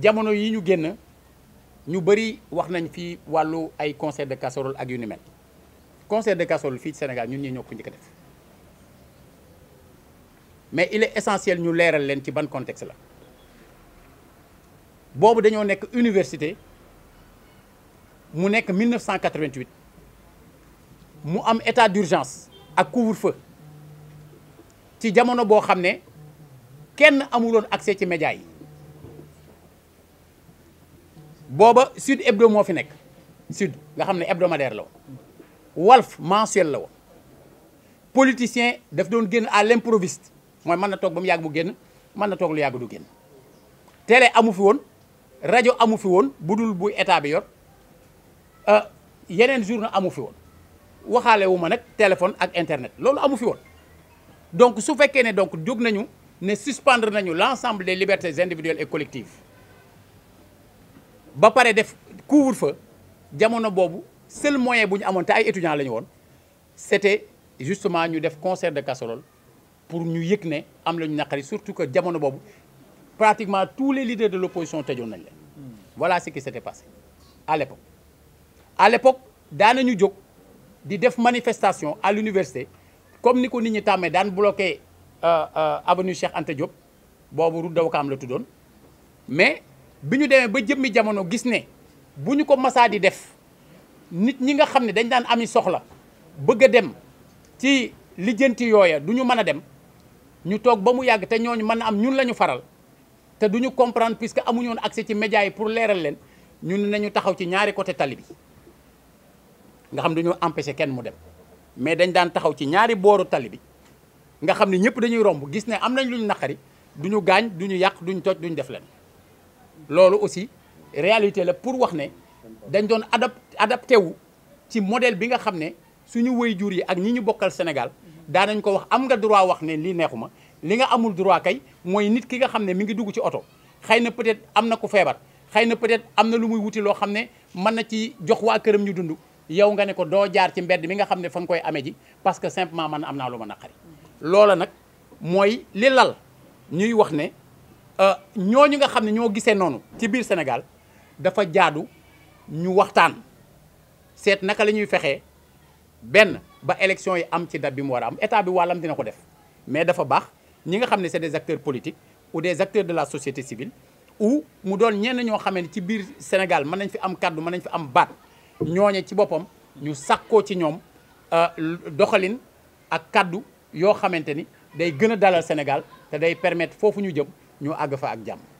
jamono yi ñu génn ñu bëri wax nañ fi wàllu ay concert de casserole ak yu ni mel de casserole fii ci Sénégal ñun ñi ñoo ko njëkk def mais il est essentiel ñu leeral leen ci ban contexte la boobu dañoo nekk université mu nekk 1988 mu am état d'urgence ak couvre-feu ci jamono boo xam ne kenn amuloon accès ci médias yi booba Sud Hebdo moo fi nekk Sud nga xam ne hebdomadaire la woon Walf mensuel la woon politicien daf doon génn à l'improviste mooy mën na toog ba mu yàgg mu génn mën na toog lu yàgg du génn télé amu fi woon rajo amu fi woon bu dul bu état bi yor euh, yeneen journaux amu fi woon waxaale wu ma nag téléphone ak internet loolu amu fi woon donc su fekkee ne donc jóg nañu ne suspendre nañu l'ensemble des libertés individuelles et collectives ba pare def couvre fa jamono boobu seul moyen bu ñu amoon te ay étudiants la ñu woon c'était justement ñu def concert de casserole pour ñu yëg ne am la ñu naqari surtout que jamono boobu pratiquement tous les leaders de l'opposition tëjoon nañ leen hmm. voilà ce qui s'était passé à l'époque à l'époque daanañu jóg di def manifestation à l'université comme ni ko nit ñi tàmmee daan bloqué euh, euh, avenue Cheikh Anta Diop boobu route de Ouakam la tuddoon mais bi ñu demee ba jëmmi jamono gis ne bu ñu ko masaa di def nit ñi nga xam ne dañ daan ami soxla bëgg a dem ci lijjanti yooya du ñu mën a dem ñu toog ba mu yàgg te ñooñu mën a am ñun la ñu faral te du ñu comprendre puisque amuñoon woon accès ci médias yi pour leeral leen ñun nañu taxaw ci ñaari côté tali bi nga xam duñu empêcher kenn mu dem mais dañ daan taxaw ci ñaari booru tali bi nga xam ne ñëpp dañuy romb gis ne am nañ lu ñu naqari du ñu gaañ du yàq du ñu toj du ñu def leen loolu aussi réalité la pour wax ne dañ doon adap adapté wu ci model bi nga xam ne suñu jur yi ak ñi ñu bokkal Sénégal daanañ ko wax am nga droit wax ne lii neexu ma li nga amul droit kay mooy nit ki nga xam ne mi ngi dugg ci oto xëy na peut-être am na ku feebar xëy na peut-être am na lu muy wuti loo xam ne mën na ci jox waa këram ñu dund yow nga ne ko doo jaar ci mbedd mi nga xam ne fa nga koy amee ji parce que simplement man am naa lu ma naqari loola nag mooy li ñuy wax ne ñoo euh, ñooñu nga xam ne ñoo gisee noonu ci biir Sénégal dafa jaadu ñu waxtaan seet naka la ñuy fexee benn ba élection yi am ci date bi mu war a am état bi wàllam dina ko def mais dafa baax ñi nga xam ne c'est des acteurs politiques ou des acteurs de la société civile ou mu doon ñenn ñoo xamee ci biir Sénégal mën nañ fi am kàddu mën nañ fi am baat ñooñe ci boppam ñu sàkkoo ci ñoom euh, doxalin ak kàddu yoo xamante ni day gën a dalal Sénégal te day permettre foofu ñu jëm ñu àgg fa ak jàmm